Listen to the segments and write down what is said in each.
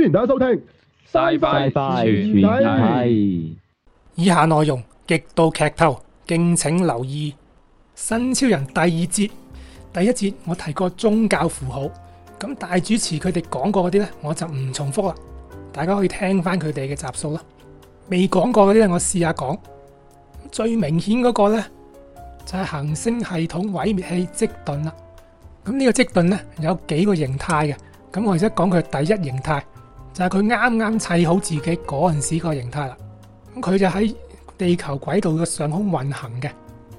歡迎大家收聽《SciFi 全面睇》，以下內容極度劇透，敬請留意《新超人》第二節。第一節，我提過宗教符號，咁大主持佢哋講過嗰啲呢，我就唔重複啦。大家可以聽翻佢哋嘅集數啦。未講過嗰啲咧，我試下講最明顯嗰個呢，就係、是、行星系統毀滅器積頓啦。咁呢個積頓呢，有幾個形態嘅，咁我而家講佢第一形態。就係佢啱啱砌好自己嗰陣時個形態啦，咁佢就喺地球軌道嘅上空運行嘅。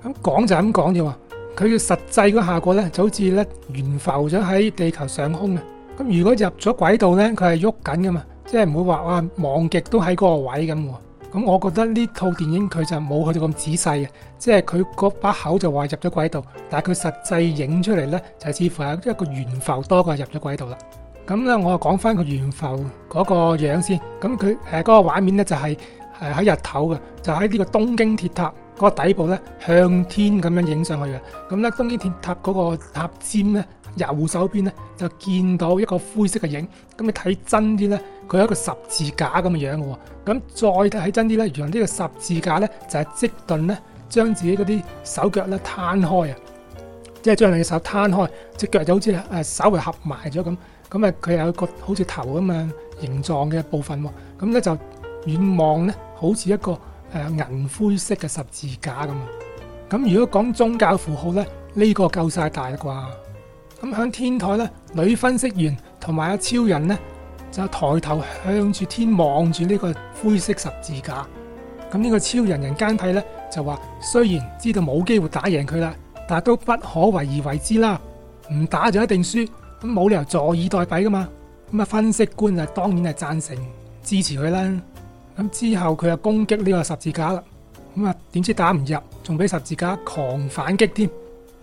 咁講就咁講啫喎，佢嘅實際個效果咧就好似咧懸浮咗喺地球上空嘅。咁如果入咗軌道咧，佢係喐緊㗎嘛，即係唔會話哇望極都喺嗰個位咁。咁我覺得呢套電影佢就冇佢哋咁仔細嘅，即係佢嗰把口就話入咗軌道，但係佢實際影出嚟咧就似乎係一個懸浮多過入咗軌道啦。咁咧，我講翻個懸浮嗰個樣先。咁佢誒嗰個畫面咧就係誒喺日頭嘅，就喺呢個東京鐵塔嗰個底部咧向天咁樣影上去嘅。咁咧，東京鐵塔嗰個塔尖咧右手邊咧就見到一個灰色嘅影。咁你睇真啲咧，佢有一個十字架咁嘅樣嘅。咁再睇真啲咧，原來呢個十字架咧就係積頓咧將自己嗰啲手腳咧攤開啊，即係將兩隻手攤開，隻腳就好似誒稍微合埋咗咁。咁啊，佢有一個好似頭咁樣形狀嘅部分喎，咁咧就遠望咧，好似一個誒銀灰色嘅十字架咁。咁如果講宗教符號咧，呢個夠晒大啦啩。咁響天台咧，女分析員同埋阿超人咧就抬頭向住天望住呢個灰色十字架。咁呢個超人人間體咧就話：雖然知道冇機會打贏佢啦，但係都不可為而為之啦，唔打就一定輸。咁冇理由坐以待斃㗎嘛。咁啊，分析官啊，當然係贊成支持佢啦。咁之後佢又攻擊呢個十字架啦。咁啊，點知打唔入，仲俾十字架狂反擊添，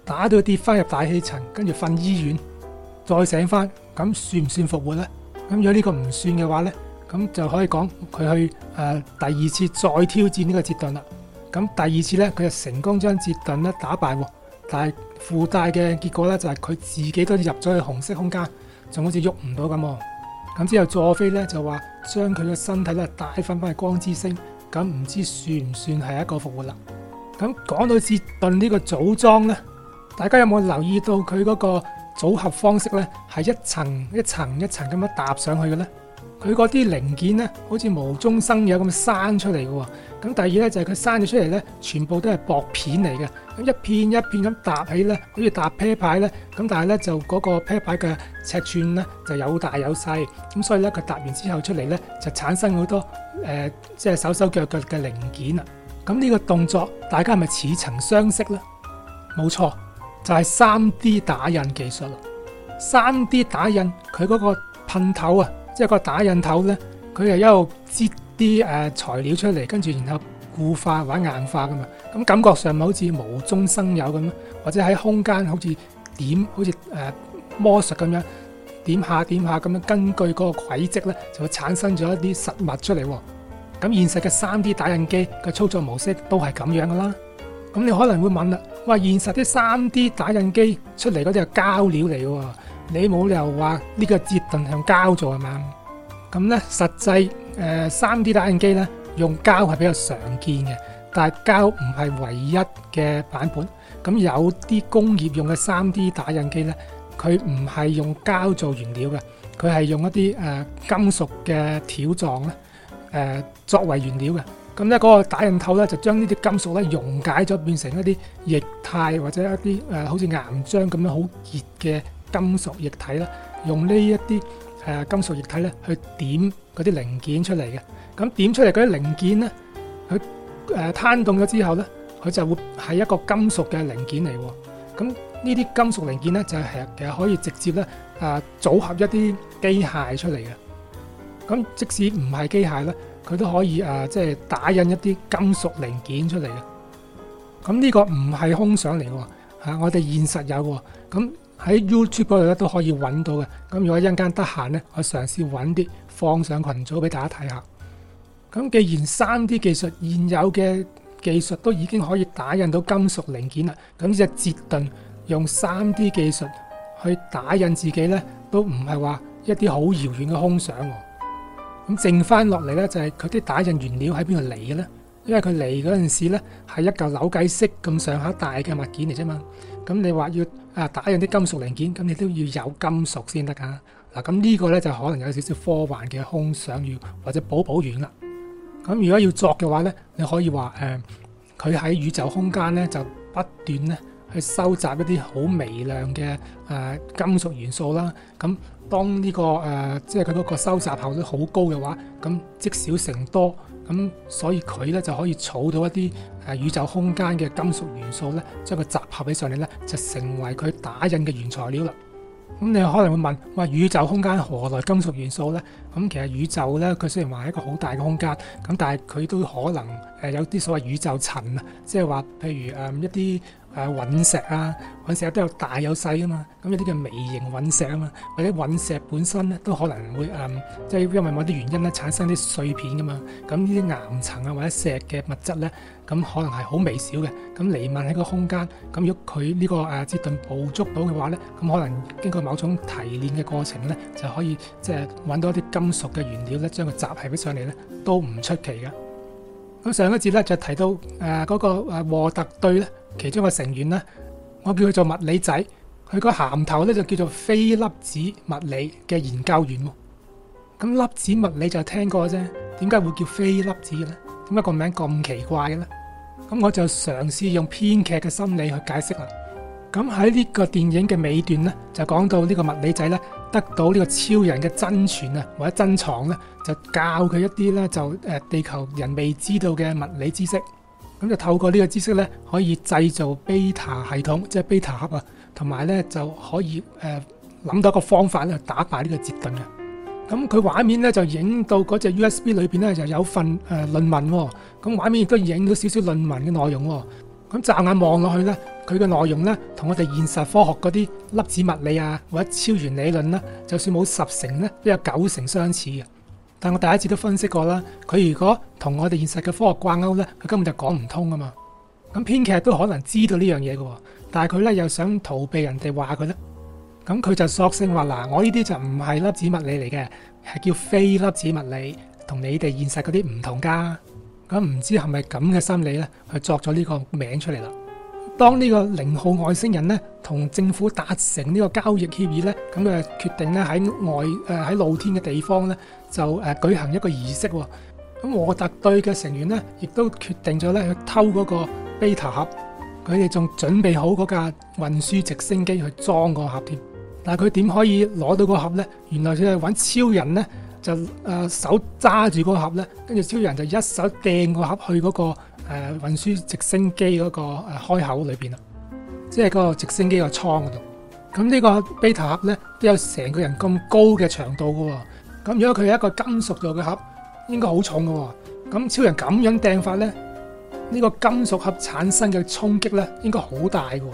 打到佢跌返入大氣層，跟住瞓醫院，再醒返，咁算唔算復活呢？咁如果呢個唔算嘅話呢，咁就可以講佢去誒第二次再挑戰呢個折頓啦。咁第二次呢，佢就成功將折頓咧打敗喎。但係附帶嘅結果咧，就係佢自己都入咗去紅色空間，仲好似喐唔到咁。咁之後佐菲咧就話將佢嘅身體咧帶翻翻去光之星，咁唔知算唔算係一個復活啦？咁講到傑頓呢個組裝咧，大家有冇留意到佢嗰個組合方式咧，係一層一層一層咁樣搭上去嘅咧？佢嗰啲零件咧，好似無中生有咁生出嚟嘅。咁第二咧就係佢生咗出嚟咧，全部都係薄片嚟嘅，咁一片一片咁搭起咧，好似搭啤牌咧。咁但係咧就嗰個啤牌嘅尺寸咧就有大有細，咁所以咧佢搭完之後出嚟咧就產生好多誒，即係手手腳腳嘅零件啊。咁呢個動作大家係咪似曾相識咧？冇錯，就係三 D 打印技術啦。三 D 打印佢嗰個噴頭啊！一個打印頭咧，佢係一路擠啲誒材料出嚟，跟住然後固化或者硬化噶嘛，咁感覺上咪好似無中生有咁樣，或者喺空間好似點好似誒魔術咁樣點下點下咁樣，根據嗰個軌跡咧，就會產生咗一啲實物出嚟。咁現實嘅 3D 打印機嘅操作模式都係咁樣噶啦。咁你可能會問啦，喂，現實啲 3D 打印機出嚟嗰啲係膠料嚟嘅。你冇理由話呢個折凳用膠做係咪啊？咁咧，實際誒三 D 打印機咧用膠係比較常見嘅，但係膠唔係唯一嘅版本。咁有啲工業用嘅三 D 打印機咧，佢唔係用膠做原料嘅，佢係用一啲誒、呃、金屬嘅條狀咧誒、呃、作為原料嘅。咁咧嗰個打印頭咧就將呢啲金屬咧溶解咗，變成一啲液態或者一啲誒、呃、好似岩漿咁樣好熱嘅。金屬呃、金屬液體啦，用呢一啲誒金屬液體咧去點嗰啲零件出嚟嘅，咁點出嚟嗰啲零件咧，佢誒、呃、攤凍咗之後咧，佢就會係一個金屬嘅零件嚟。咁呢啲金屬零件咧就係其實可以直接咧誒、啊、組合一啲機械出嚟嘅。咁、嗯、即使唔係機械咧，佢都可以誒、啊、即係打印一啲金屬零件出嚟嘅。咁、嗯、呢、這個唔係空想嚟，吓、啊、我哋現實有嘅。咁、嗯喺 YouTube 嗰度咧都可以揾到嘅。咁如果一陣間得閒咧，我嘗試揾啲放上群組俾大家睇下。咁既然三 D 技術現有嘅技術都已經可以打印到金屬零件啦，咁隻捷頓用三 D 技術去打印自己咧，都唔係話一啲好遙遠嘅空想喎。咁剩翻落嚟咧就係佢啲打印原料喺邊度嚟嘅咧？因為佢嚟嗰陣時咧係一嚿扭計骰咁上下大嘅物件嚟啫嘛。咁你話要啊打印啲金屬零件，咁你都要有金屬先得㗎。嗱，咁呢個咧就可能有少少科幻嘅空想要或者補補完啦。咁如果要作嘅話咧，你可以話誒，佢喺宇宙空間咧就不斷咧去收集一啲好微量嘅誒金屬元素啦。咁當呢個誒即係佢嗰個收集效率好高嘅話，咁積少成多。咁、嗯、所以佢咧就可以儲到一啲誒、呃、宇宙空間嘅金屬元素咧，將佢集合起上嚟咧，就成為佢打印嘅原材料啦。咁、嗯、你可能會問：喂、呃，宇宙空間何來金屬元素咧？咁、嗯、其實宇宙咧，佢雖然話係一個好大嘅空間，咁但係佢都可能誒有啲所謂宇宙塵啊，即係話譬如誒、嗯、一啲。誒、啊、隕石啊，隕石都有大有細啊嘛，咁有啲叫微型隕石啊嘛，或者隕石本身咧都可能會誒、嗯，即係因為某啲原因咧產生啲碎片噶嘛，咁呢啲岩層啊或者石嘅物質咧，咁可能係好微小嘅，咁瀰漫喺個空間，咁如果佢呢、這個阿切頓捕捉到嘅話咧，咁可能經過某種提煉嘅過程咧，就可以即係揾到一啲金屬嘅原料咧，將佢集齊起上嚟咧，都唔出奇嘅。咁上一節咧就提到誒嗰、啊那個誒沃特對咧。其中一個成員咧，我叫佢做物理仔，佢個銜頭咧就叫做非粒子物理嘅研究員。咁粒子物理就聽過啫，點解會叫非粒子嘅咧？點解個名咁奇怪嘅咧？咁我就嘗試用編劇嘅心理去解釋啦。咁喺呢個電影嘅尾段咧，就講到呢個物理仔咧得到呢個超人嘅真傳啊，或者珍藏咧，就教佢一啲咧就誒地球人未知道嘅物理知識。咁就透過呢個知識咧，可以製造 beta 系統，即係 beta 盒啊，同埋咧就可以誒諗到一個方法咧，打敗呢個折墊嘅。咁佢畫面咧就影到嗰隻 USB 裏邊咧就有份誒論文喎。咁畫面亦都影到少少論文嘅內容喎。咁乍眼望落去咧，佢嘅內容咧同我哋現實科學嗰啲粒子物理啊或者超弦理論啦，就算冇十成咧，都有九成相似嘅。但我第一次都分析過啦，佢如果同我哋現實嘅科學掛鈎呢，佢根本就講唔通啊嘛。咁編劇都可能知道呢樣嘢嘅，但係佢呢又想逃避人哋話佢呢，咁佢就索性話嗱，我呢啲就唔係粒子物理嚟嘅，係叫非粒子物理，同你哋現實嗰啲唔同㗎。咁唔知係咪咁嘅心理呢，去作咗呢個名出嚟啦？當呢個零號外星人咧同政府達成呢個交易協議咧，咁、嗯、誒佢決定咧喺外誒喺、呃、露天嘅地方咧就誒舉行一個儀式。咁、嗯、我特隊嘅成員咧亦都決定咗咧去偷嗰個 beta 盒，佢哋仲準備好嗰架運輸直升機去裝個盒添。但係佢點可以攞到個盒咧？原來佢係搵超人咧就誒手揸住個盒咧，跟住超人就一手掟個盒去嗰、嗰個。誒、啊，運輸直升機嗰個誒開口裏邊啦，即係嗰個直升機個倉嗰度。咁呢個貝塔盒咧，都有成個人咁高嘅長度噶、哦。咁如果佢係一個金屬做嘅盒，應該好重噶、哦。咁超人咁樣掟法咧、呢，這個金屬盒產生嘅衝擊咧，應該好大嘅、哦。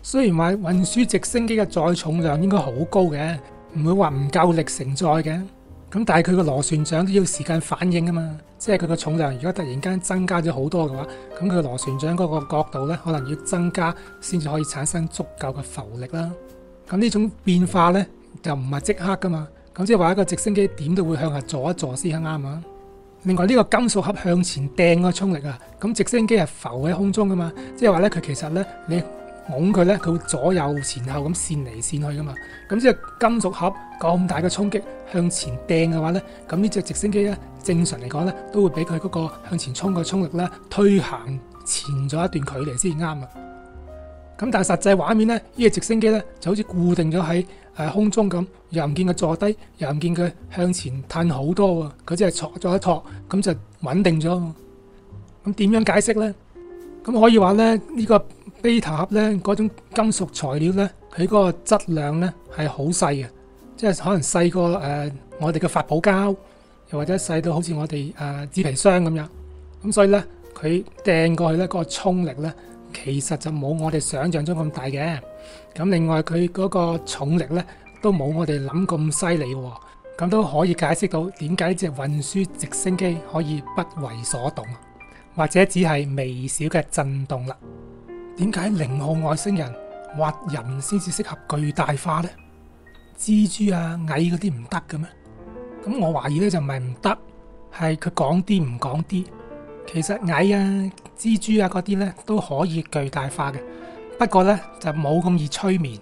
雖然話運輸直升機嘅載重量應該好高嘅，唔會話唔夠力承載嘅。咁但係佢個螺旋槳都要時間反應啊嘛，即係佢個重量如果突然間增加咗好多嘅話，咁佢個螺旋槳嗰個角度咧可能要增加先至可以產生足夠嘅浮力啦。咁呢種變化咧就唔係即刻噶嘛，咁即係話一個直升機點都會向下坐一坐先啱啊。另外呢個金屬盒向前掟個衝力啊，咁直升機係浮喺空中噶嘛，即係話咧佢其實咧你。㧬佢咧，佢會左右前後咁扇嚟扇去噶嘛。咁隻金屬盒咁大嘅衝擊向前掟嘅話咧，咁呢隻直升機咧，正常嚟講咧，都會俾佢嗰個向前衝嘅衝力咧推行前咗一段距離先啱啊。咁但係實際畫面咧，呢隻直升機咧就好似固定咗喺誒空中咁，又唔見佢坐低，又唔見佢向前探好多喎。佢只係戳咗一戳，咁就穩定咗啊嘛。咁點樣解釋咧？咁可以話咧，呢個。飛塔盒咧，嗰種金屬材料咧，佢嗰個質量咧係好細嘅，即係可能細過誒、呃、我哋嘅發泡膠，又或者細到好似我哋誒紙皮箱咁樣。咁所以咧，佢掟過去咧嗰個衝力咧，其實就冇我哋想象中咁大嘅。咁另外佢嗰個重力咧都冇我哋諗咁犀利喎。咁都可以解釋到點解隻運輸直升機可以不為所動，或者只係微小嘅震動啦。點解零號外星人挖人先至適合巨大化呢？蜘蛛啊、蟻嗰啲唔得嘅咩？咁我懷疑咧就唔係唔得，係佢講啲唔講啲。其實蟻啊、蜘蛛啊嗰啲咧都可以巨大化嘅，不過咧就冇咁易催眠，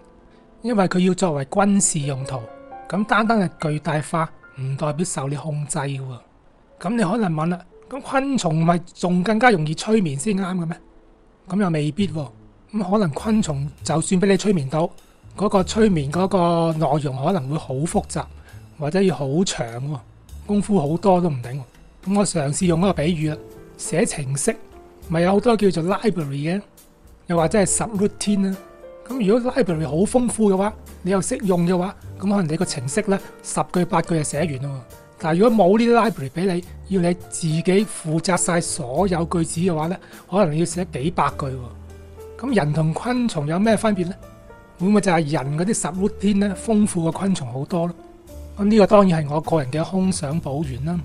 因為佢要作為軍事用途。咁單單係巨大化唔代表受你控制喎。咁你可能問啦，咁昆蟲咪仲更加容易催眠先啱嘅咩？咁又未必喎，咁可能昆蟲就算俾你催眠到嗰、嗰個催眠嗰個內容可能會好複雜，或者要好長喎，功夫好多都唔頂喎。咁我嘗試用一個比喻啦，寫程式咪有好多叫做 library 嘅，又或者係 subroutine 啦。咁如果 library 好豐富嘅話，你又識用嘅話，咁可能你個程式呢，十句八句就寫完咯。但係，如果冇呢啲 library 俾你，要你自己負責晒所有句子嘅話呢，可能要寫幾百句喎。咁人同昆蟲有咩分別呢？會唔會就係人嗰啲 subroutine 咧，豐富嘅昆蟲好多咯？咁呢個當然係我個人嘅空想補完啦。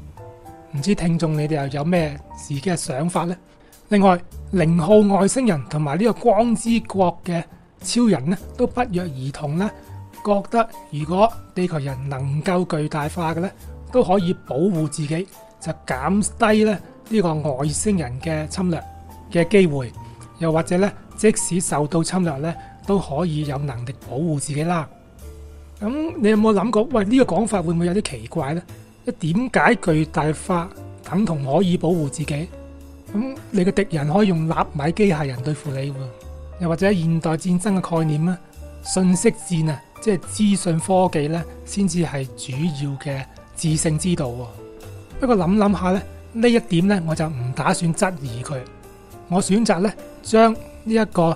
唔知聽眾你哋又有咩自己嘅想法呢？另外，零號外星人同埋呢個光之國嘅超人呢，都不約而同咧，覺得如果地球人能夠巨大化嘅呢，都可以保護自己，就減低咧呢個外星人嘅侵略嘅機會，又或者咧，即使受到侵略咧，都可以有能力保護自己啦。咁你有冇諗過？喂，呢個講法會唔會有啲奇怪呢？點解巨大化等同可以保護自己？咁你嘅敵人可以用納米機械人對付你喎，又或者現代戰爭嘅概念呢？信息戰啊，即係資訊科技呢，先至係主要嘅。自性之道不過諗諗下咧，呢一點呢，我就唔打算質疑佢，我選擇咧將呢一個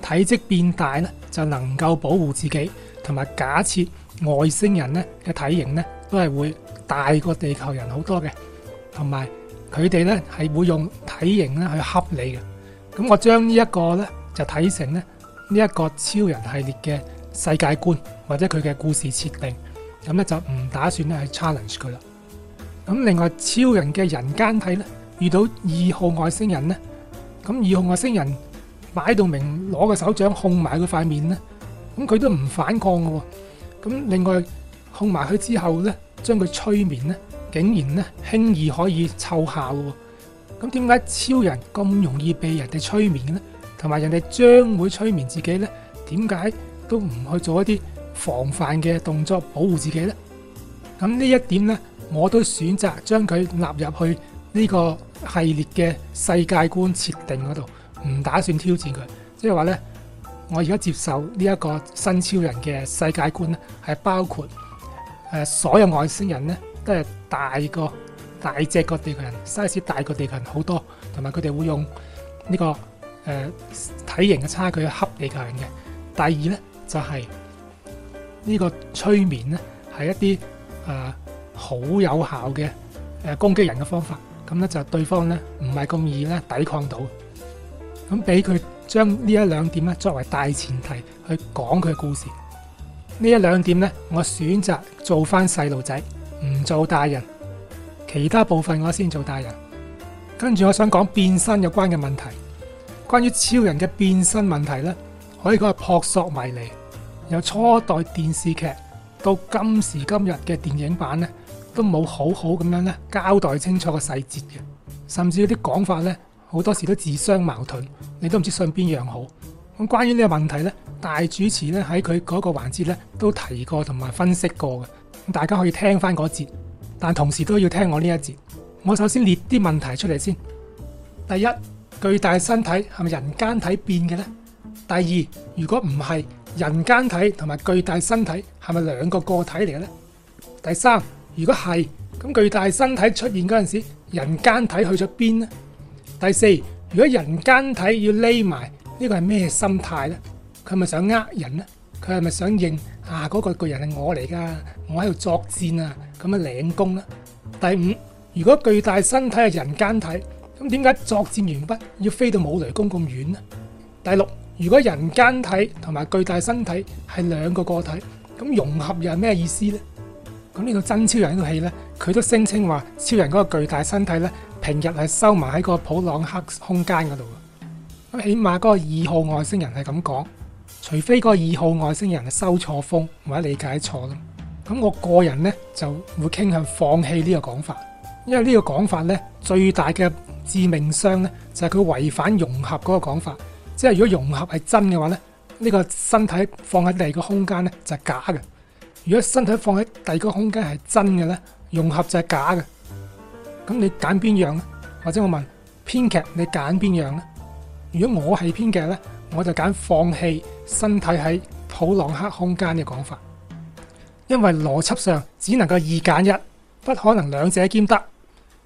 體積變大呢，就能夠保護自己，同埋假設外星人呢嘅體型呢，都係會大過地球人好多嘅，同埋佢哋呢，係會用體型咧去恰你嘅，咁我將呢一個呢，就睇成咧呢一個超人系列嘅世界觀或者佢嘅故事設定。咁咧就唔打算咧去 challenge 佢啦。咁另外超人嘅人間體咧，遇到二號外星人咧，咁二號外星人擺到明攞個手掌控埋佢塊面咧，咁佢都唔反抗嘅。咁另外控埋佢之後咧，將佢催眠咧，竟然咧輕易可以奏效。咁點解超人咁容易被人哋催眠嘅咧？同埋人哋將會催眠自己咧？點解都唔去做一啲防範嘅動作，保護自己咧。咁呢一點呢，我都選擇將佢納入去呢個系列嘅世界觀設定嗰度，唔打算挑戰佢。即係話呢，我而家接受呢一個新超人嘅世界觀咧，係包括誒、呃、所有外星人呢，都係大個大隻過地球人，size 大過地球人好多，同埋佢哋會用呢、呢個誒、呃、體型嘅差距去恰地球人嘅。第二呢，就係、係。呢、這個催眠呢，係一啲誒好有效嘅誒攻擊人嘅方法。咁呢，就對方呢，唔係咁易呢抵抗到。咁俾佢將呢一兩點呢作為大前提去講佢嘅故事。呢一兩點呢，我選擇做返細路仔，唔做大人。其他部分我先做大人。跟住我想講變身有關嘅問題。關於超人嘅變身問題呢，可以講係撲朔迷離。由初代電視劇到今時今日嘅電影版呢，都冇好好咁樣呢，交代清楚個細節嘅，甚至有啲講法呢，好多時都自相矛盾，你都唔知信邊樣好。咁關於呢個問題呢，大主持呢，喺佢嗰個環節呢，都提過同埋分析過嘅，大家可以聽翻嗰節，但同時都要聽我呢一節。我首先列啲問題出嚟先。第一，巨大身體係咪人間體變嘅呢？第二，如果唔係，人間體同埋巨大身體係咪兩個個體嚟嘅咧？第三，如果係咁，巨大身體出現嗰陣時，人間體去咗邊呢？第四，如果人間體要匿埋，呢個係咩心態呢？佢係咪想呃人呢？佢係咪想認啊，嗰個巨人係我嚟噶？我喺度作戰啊，咁樣領功咧？第五，如果巨大身體係人間體，咁點解作戰完畢要飛到武雷宮咁遠咧？第六？如果人間體同埋巨大身體係兩個個體，咁融合又係咩意思呢？咁呢個真超人呢套戲呢，佢都聲稱話超人嗰個巨大身體呢，平日係收埋喺個普朗克空間嗰度。咁起碼嗰個二號外星人係咁講，除非嗰個二號外星人係收錯風或者理解錯咯。咁我個人呢，就會傾向放棄呢個講法，因為呢個講法呢，最大嘅致命傷呢，就係、是、佢違反融合嗰個講法。即係如果融合係真嘅話呢，呢、呢個身體放喺第二個空間呢就係假嘅；如果身體放喺第二個空間係真嘅呢，融合就係假嘅。咁你揀邊樣呢？或者我問編劇你揀邊樣呢？如果我係編劇呢，我就揀放棄身體喺普朗克空間嘅講法，因為邏輯上只能夠二揀一，不可能兩者兼得。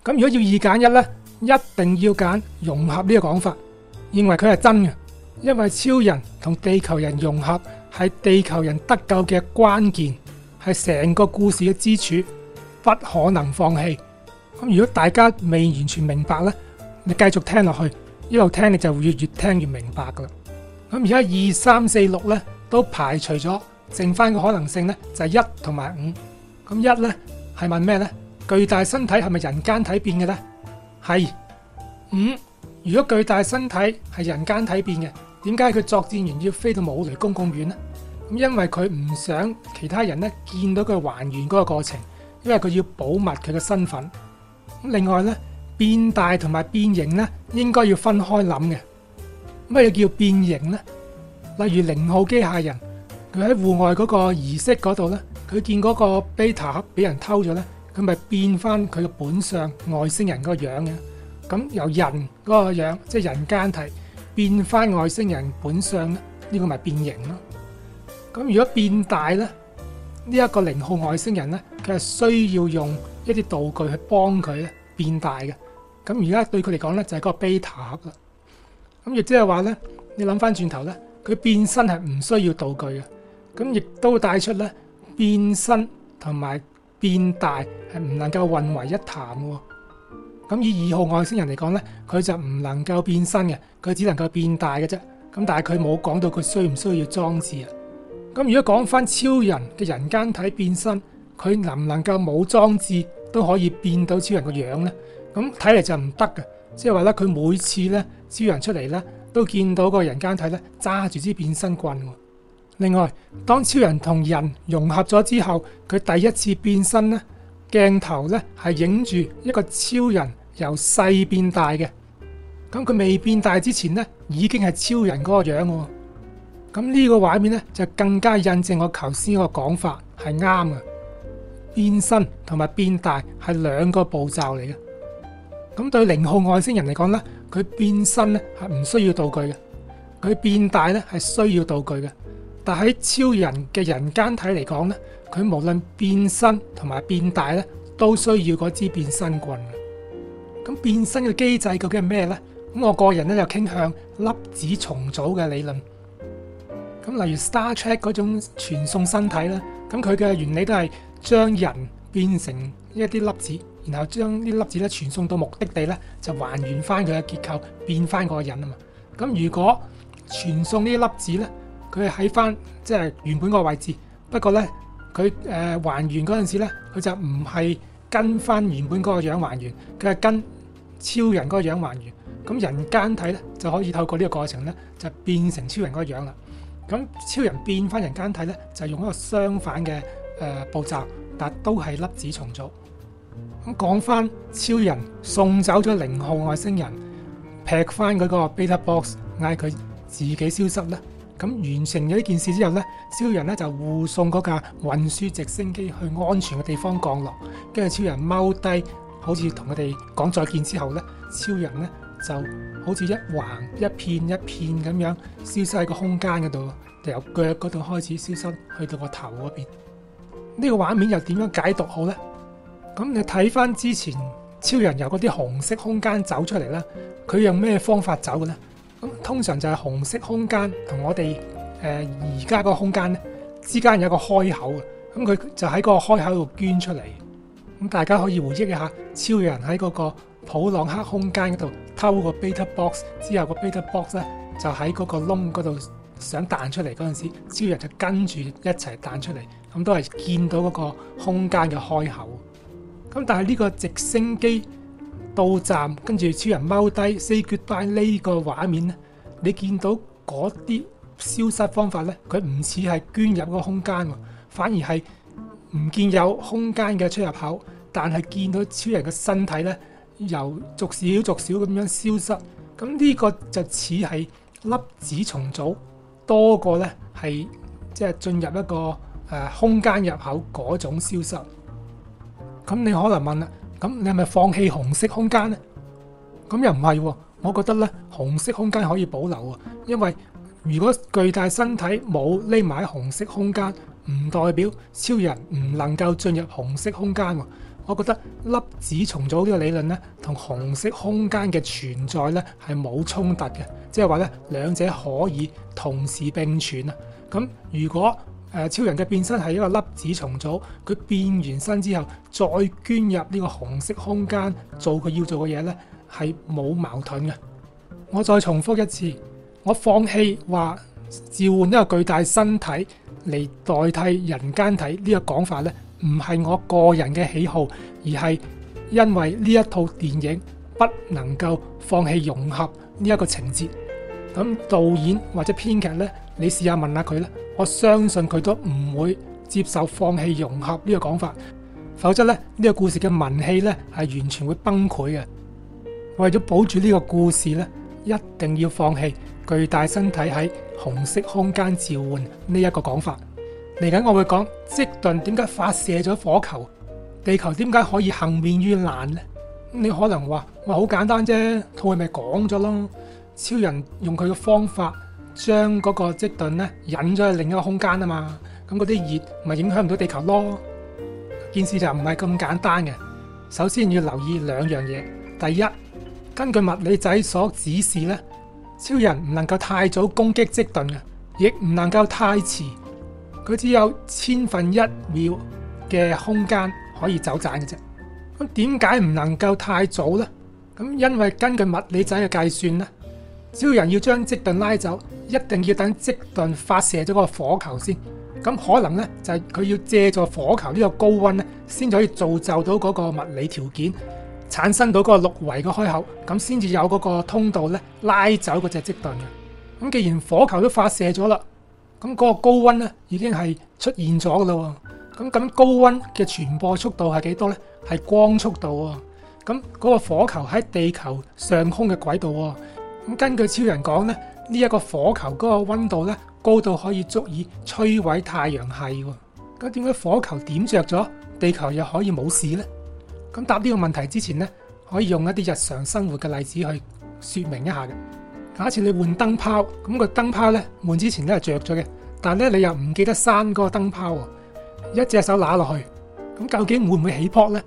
咁如果要二揀一呢，一定要揀融合呢個講法，認為佢係真嘅。因為超人同地球人融合係地球人得救嘅關鍵，係成個故事嘅支柱，不可能放棄。咁如果大家未完全明白咧，你繼續聽落去，一路聽你就會越越聽越明白噶啦。咁而家二三四六咧，都排除咗，剩翻嘅可能性咧，就係一同埋五。咁一咧係問咩咧？巨大身體係咪人間體變嘅咧？係。五，如果巨大身體係人間體變嘅？點解佢作戰完要飛到武雷公公園呢？因為佢唔想其他人呢見到佢還原嗰個過程，因為佢要保密佢嘅身份。另外咧，變大同埋變形咧，應該要分開諗嘅。乜嘢叫變形咧？例如零號機械人，佢喺戶外嗰個儀式嗰度咧，佢見嗰個 beta 盒俾人偷咗咧，佢咪變翻佢嘅本相外星人個樣嘅。咁由人嗰個樣即係人間體。變翻外星人本相咧，呢、這個咪變形咯。咁如果變大咧，呢、這、一個零號外星人咧，佢係需要用一啲道具去幫佢咧變大嘅。咁而家對佢嚟講咧，就係個 Beta 盒啦。咁亦即係話咧，你諗翻轉頭咧，佢變身係唔需要道具嘅。咁亦都帶出咧變身同埋變大係唔能夠混為一談喎。咁以二號外星人嚟講呢，佢就唔能夠變身嘅，佢只能夠變大嘅啫。咁但係佢冇講到佢需唔需要裝置啊。咁如果講翻超人嘅人間體變身，佢能唔能夠冇裝置都可以變到超人個樣呢？咁睇嚟就唔得嘅，即係話咧，佢每次呢，超人出嚟呢，都見到個人間體呢揸住支變身棍。另外，當超人同人融合咗之後，佢第一次變身呢，鏡頭呢，係影住一個超人。由細變大嘅，咁佢未變大之前呢，已經係超人嗰個樣。咁呢個畫面呢，就更加印證我求先個講法係啱嘅。變身同埋變大係兩個步驟嚟嘅。咁對零號外星人嚟講呢，佢變身呢係唔需要道具嘅，佢變大呢係需要道具嘅。但喺超人嘅人間體嚟講呢，佢無論變身同埋變大呢，都需要嗰支變身棍。咁變身嘅機制究竟係咩呢？咁我個人咧就傾向粒子重組嘅理論。咁例如 Star Trek 嗰種傳送身體咧，咁佢嘅原理都係將人變成一啲粒子，然後將啲粒子咧傳送到目的地呢就還原翻佢嘅結構，變翻個人啊嘛。咁如果傳送呢啲粒子呢，佢喺翻即係原本個位置，不過呢，佢誒、呃、還原嗰陣時咧，佢就唔係。跟翻原本嗰個樣還原，佢係跟超人嗰個樣還原。咁人間體咧就可以透過呢個過程咧就變成超人嗰個樣啦。咁超人變翻人間體咧就用一個相反嘅誒、呃、步驟，但都係粒子重組。咁講翻超人送走咗零號外星人，劈翻佢個 Beta Box，嗌佢自己消失咧。咁完成咗呢件事之後呢，超人呢就護送嗰架運輸直升機去安全嘅地方降落，跟住超人踎低，好似同佢哋講再見之後呢，超人呢就好似一橫一片一片咁樣消失喺個空間嗰度，由腳嗰度開始消失，去到個頭嗰邊。呢個畫面又點樣解讀好呢？咁你睇翻之前超人由嗰啲紅色空間走出嚟啦，佢用咩方法走嘅呢？通常就係紅色空間同我哋誒而家個空間咧之間有個開口啊，咁佢就喺嗰個開口度捐出嚟。咁大家可以回憶一下，超人喺嗰個普朗克空間嗰度偷個 beta box 之後，個 beta box 咧就喺嗰個窿嗰度想彈出嚟嗰陣時，超人就跟住一齊彈出嚟，咁都係見到嗰個空間嘅開口。咁但係呢個直升機到站，跟住超人踎低，四腳擺喺呢個畫面咧，你見到嗰啲消失方法咧，佢唔似係捐入個空間喎，反而係唔見有空間嘅出入口，但係見到超人嘅身體咧，由逐少逐少咁樣消失，咁呢個就似係粒子重組多過咧係即係進入一個誒空間入口嗰種消失。咁你可能問啦？咁你係咪放棄紅色空間呢？咁又唔係、啊，我覺得呢紅色空間可以保留喎、啊，因為如果巨大身體冇匿埋喺紅色空間，唔代表超人唔能夠進入紅色空間喎、啊。我覺得粒子重組呢個理論呢，同紅色空間嘅存在呢係冇衝突嘅，即係話呢兩者可以同時並存啊！咁如果誒超人嘅變身係一個粒子重組，佢變完身之後再捐入呢個紅色空間做佢要做嘅嘢呢係冇矛盾嘅。我再重複一次，我放棄話召喚一個巨大身體嚟代替人間體呢個講法呢，唔係我個人嘅喜好，而係因為呢一套電影不能夠放棄融合呢一個情節。咁導演或者編劇呢，你試下問下佢咧。我相信佢都唔會接受放棄融合呢個講法，否則呢呢個故事嘅文氣呢係完全會崩潰嘅。為咗保住呢個故事呢，一定要放棄巨大身體喺紅色空間召喚呢一個講法。嚟緊我會講積頓點解發射咗火球，地球點解可以幸免於難呢？你可能話：話好簡單啫，佢係咪講咗咯？超人用佢嘅方法。將嗰個積盾咧引咗去另一個空間啊嘛，咁嗰啲熱咪影響唔到地球咯。件事就唔係咁簡單嘅，首先要留意兩樣嘢。第一，根據物理仔所指示咧，超人唔能夠太早攻擊積盾嘅，亦唔能夠太遲。佢只有千分一秒嘅空間可以走盞嘅啫。咁點解唔能夠太早呢？咁因為根據物理仔嘅計算咧。只要人要將積頓拉走，一定要等積頓發射咗個火球先。咁可能呢，就係、是、佢要借助火球呢個高溫咧，先至可以造就到嗰個物理條件，產生到嗰個六維嘅開口，咁先至有嗰個通道呢，拉走嗰隻積頓嘅。咁既然火球都發射咗啦，咁嗰個高溫呢已經係出現咗噶啦。咁咁高溫嘅傳播速度係幾多呢？係光速度喎。咁嗰個火球喺地球上空嘅軌道喎。根據超人講咧，呢一個火球嗰個溫度咧，高度可以足以摧毀太陽系。咁點解火球點着咗，地球又可以冇事呢？咁答呢個問題之前咧，可以用一啲日常生活嘅例子去說明一下嘅。假設你換燈泡，咁個燈泡咧，換之前都係着咗嘅，但咧你又唔記得閂嗰個燈泡，一隻手拿落去，咁究竟會唔會起泡呢？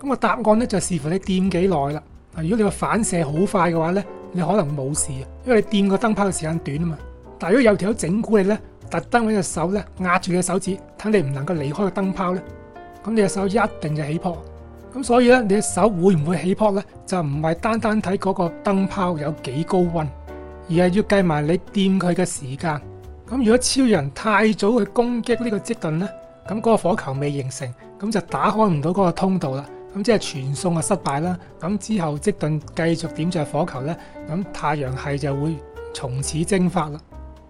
咁個答案咧就視乎你掂幾耐啦。如果你個反射好快嘅話咧。你可能冇事啊，因為你掂個燈泡嘅時間短啊嘛。但如果有人整蠱你咧，特登揾隻手咧壓住隻手指，睇你唔能夠離開個燈泡咧，咁你隻手一定就起泡。咁所以咧，你隻手會唔會起泡咧，就唔係單單睇嗰個燈泡有幾高溫，而係要計埋你掂佢嘅時間。咁如果超人太早去攻擊呢個積盾咧，咁嗰個火球未形成，咁就打開唔到嗰個通道啦。咁即係傳送啊失敗啦，咁之後積頓繼續點着火球咧，咁太陽系就會從此蒸發啦。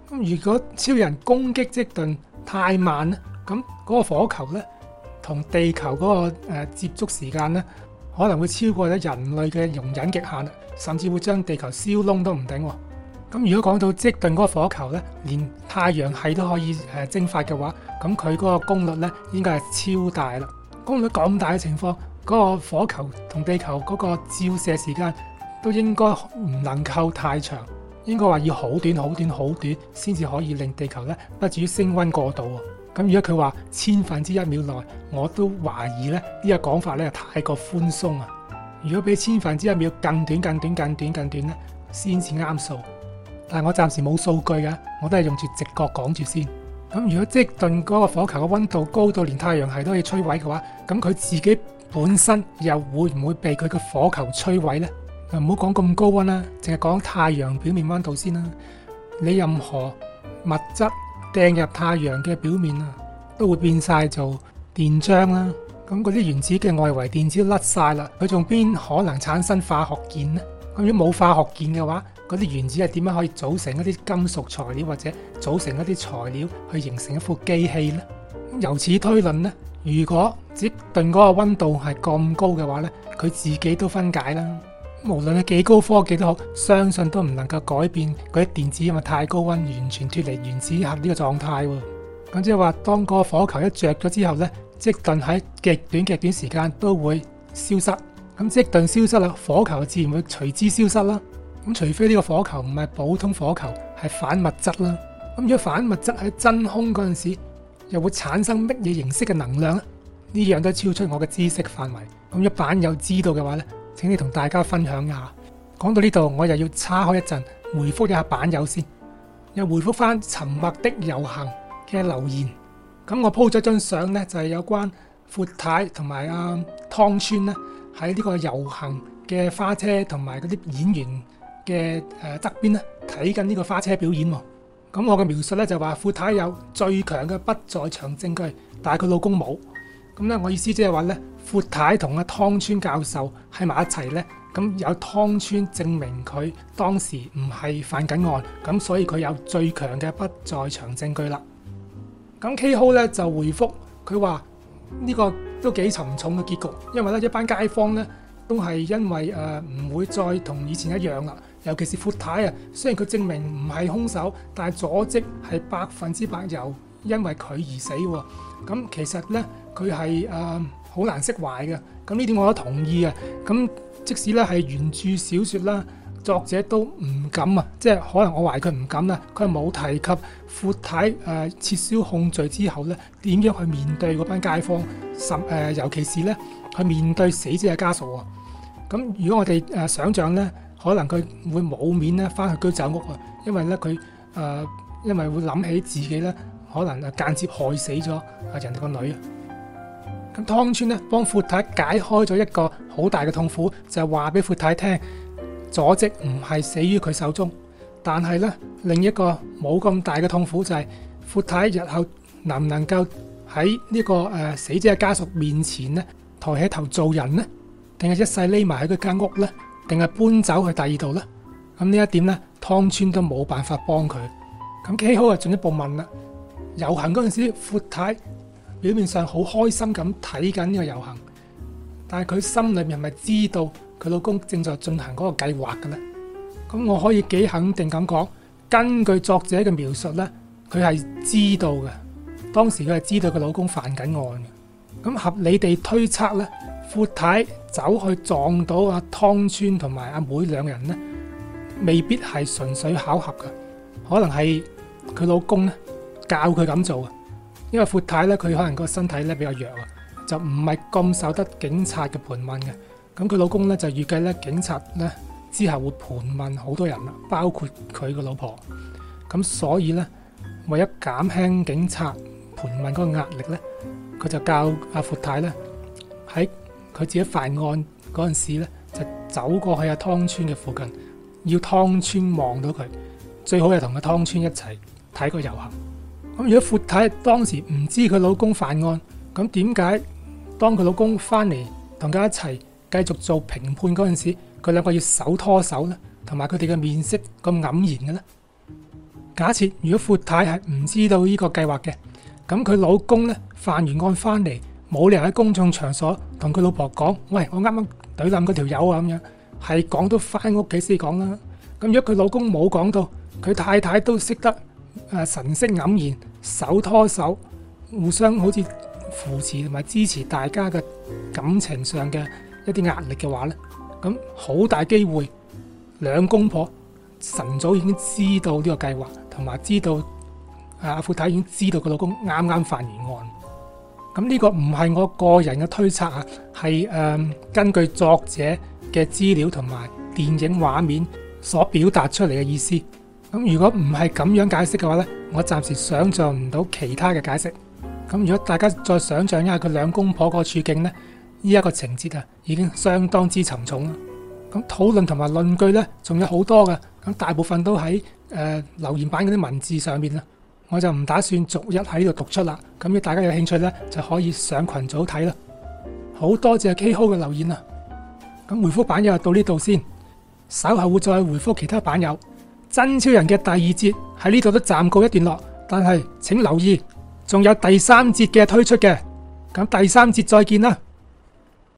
咁如果超人攻擊積頓太慢咧，咁嗰個火球咧同地球嗰個接觸時間咧，可能會超過咗人類嘅容忍極限啦，甚至會將地球燒窿都唔頂喎。咁如果講到積頓嗰個火球咧，連太陽系都可以誒蒸發嘅話，咁佢嗰個功率咧，應該係超大啦。功率咁大嘅情況。嗰個火球同地球嗰個照射時間都應該唔能夠太長，應該話要好短、好短、好短先至可以令地球咧不至於升温過度喎。咁如果佢話千分之一秒內，我都懷疑咧呢個講法咧又太過寬鬆啊。如果比千分之一秒更短、更短、更短、更短咧，先至啱數。但係我暫時冇數據㗎，我都係用住直覺講住先。咁如果即係燉嗰個火球嘅温度高到連太陽系都要摧毀嘅話，咁佢自己。本身又會唔會被佢嘅火球摧毀呢？唔好講咁高温啦，淨係講太陽表面温度先啦。你任何物質掟入太陽嘅表面啊，都會變晒做電漿啦。咁嗰啲原子嘅外圍電子都甩晒啦，佢仲邊可能產生化學鍵呢？咁如果冇化學鍵嘅話，嗰啲原子係點樣可以組成一啲金屬材料或者組成一啲材料去形成一副機器呢？由此推論呢。如果即頓嗰個温度係咁高嘅話呢，佢自己都分解啦。無論你幾高科技都好，相信都唔能夠改變嗰啲電子因為太高温，完全脱離原子核呢個狀態喎。咁即係話，當個火球一着咗之後呢，即頓喺極短極短時間都會消失。咁即頓消失啦，火球自然會隨之消失啦。咁除非呢個火球唔係普通火球，係反物質啦。咁如果反物質喺真空嗰陣時，又會產生乜嘢形式嘅能量咧？呢樣都超出我嘅知識範圍。咁一板友知道嘅話咧，請你同大家分享一下。講到呢度，我又要叉開一陣回覆一下板友先，又回覆翻沉默的遊行嘅留言。咁我鋪咗張相呢就係、是、有關闊太同埋阿湯川呢，喺呢個遊行嘅花車同埋嗰啲演員嘅誒側邊呢睇緊呢個花車表演喎。咁我嘅描述咧就話闊太有最強嘅不在場證據，但係佢老公冇。咁咧，我意思即係話咧，闊太同阿湯川教授喺埋一齊咧，咁有湯川證明佢當時唔係犯緊案，咁所以佢有最強嘅不在場證據啦。咁 Ko 咧就回覆佢話呢個都幾沉重嘅結局，因為咧一班街坊咧。都係因為誒唔、呃、會再同以前一樣啦，尤其是闊太啊，雖然佢證明唔係兇手，但係佐即係百分之百由因為佢而死、哦。咁、嗯、其實呢，佢係誒好難釋懷嘅。咁、嗯、呢點我都同意啊。咁、嗯、即使呢係原著小說啦，作者都唔敢啊，即係可能我懷佢唔敢啦，佢係冇提及闊太誒撤銷控罪之後呢點樣去面對嗰班街坊，十誒尤其是呢，去面對死者嘅家屬喎，咁如果我哋誒想象呢，可能佢會冇面咧返去居酒屋啊，因為咧佢誒因為會諗起自己咧可能誒間接害死咗啊人哋個女啊，咁湯川咧幫闊太解開咗一個好大嘅痛苦，就係話俾闊太聽，佐治唔係死於佢手中，但係咧另一個冇咁大嘅痛苦就係、是、闊太，太日後能唔能夠喺呢個誒、呃、死者嘅家屬面前咧？抬起頭做人呢，定係一世匿埋喺嗰間屋呢？定係搬走去第二度呢？咁呢一點呢，湯川都冇辦法幫佢。咁 k 好啊，進一步問啦。遊行嗰陣時，闊太太表面上好開心咁睇緊呢個遊行，但係佢心裏面係咪知道佢老公正在進行嗰個計劃嘅呢？咁我可以幾肯定咁講，根據作者嘅描述呢，佢係知道嘅。當時佢係知道佢老公犯緊案嘅。咁合理地推測呢，闊太走去撞到阿湯川同埋阿妹兩人呢，未必係純粹巧合㗎，可能係佢老公呢教佢咁做啊。因為闊太呢，佢可能個身體呢比較弱啊，就唔係咁受得警察嘅盤問嘅。咁佢老公呢，就預計呢，警察呢之後會盤問好多人啦，包括佢個老婆。咁所以呢，為咗減輕警察盤問嗰個壓力呢。我就教阿闊太咧，喺佢自己犯案嗰陣時咧，就走過去阿湯川嘅附近，要湯川望到佢，最好係同阿湯川一齊睇個遊行。咁如果闊太當時唔知佢老公犯案，咁點解當佢老公翻嚟同佢一齊繼續做評判嗰陣時，佢兩個要手拖手呢，同埋佢哋嘅面色咁黯然嘅呢？假設如果闊太係唔知道呢個計劃嘅？咁佢老公呢，犯完案翻嚟，冇理由喺公眾場所同佢老婆講：「喂，我啱啱懟冧嗰條友啊！咁樣係講到翻屋企先講啦。咁如果佢老公冇講到，佢太太都識得、啊，神色黯然，手拖手，互相好似扶持同埋支持大家嘅感情上嘅一啲壓力嘅話呢。咁好大機會兩公婆晨早已經知道呢個計劃同埋知道。阿、啊、富太太已經知道佢老公啱啱犯完案了，咁呢個唔係我個人嘅推測啊，係誒、呃、根據作者嘅資料同埋電影畫面所表達出嚟嘅意思。咁如果唔係咁樣解釋嘅話呢，我暫時想像唔到其他嘅解釋。咁如果大家再想像一下佢兩公婆個處境，呢呢一個情節啊，已經相當之沉重啦。咁討論同埋論據呢，仲有好多嘅，咁大部分都喺誒、呃、留言板嗰啲文字上面啊。我就唔打算逐一喺呢度讀出啦，咁要大家有興趣呢，就可以上群組睇啦。好多謝 Kho 嘅留言啊，咁回覆版友到呢度先，稍後會再回覆其他版友。真超人嘅第二節喺呢度都暫告一段落，但係請留意，仲有第三節嘅推出嘅，咁第三節再見啦。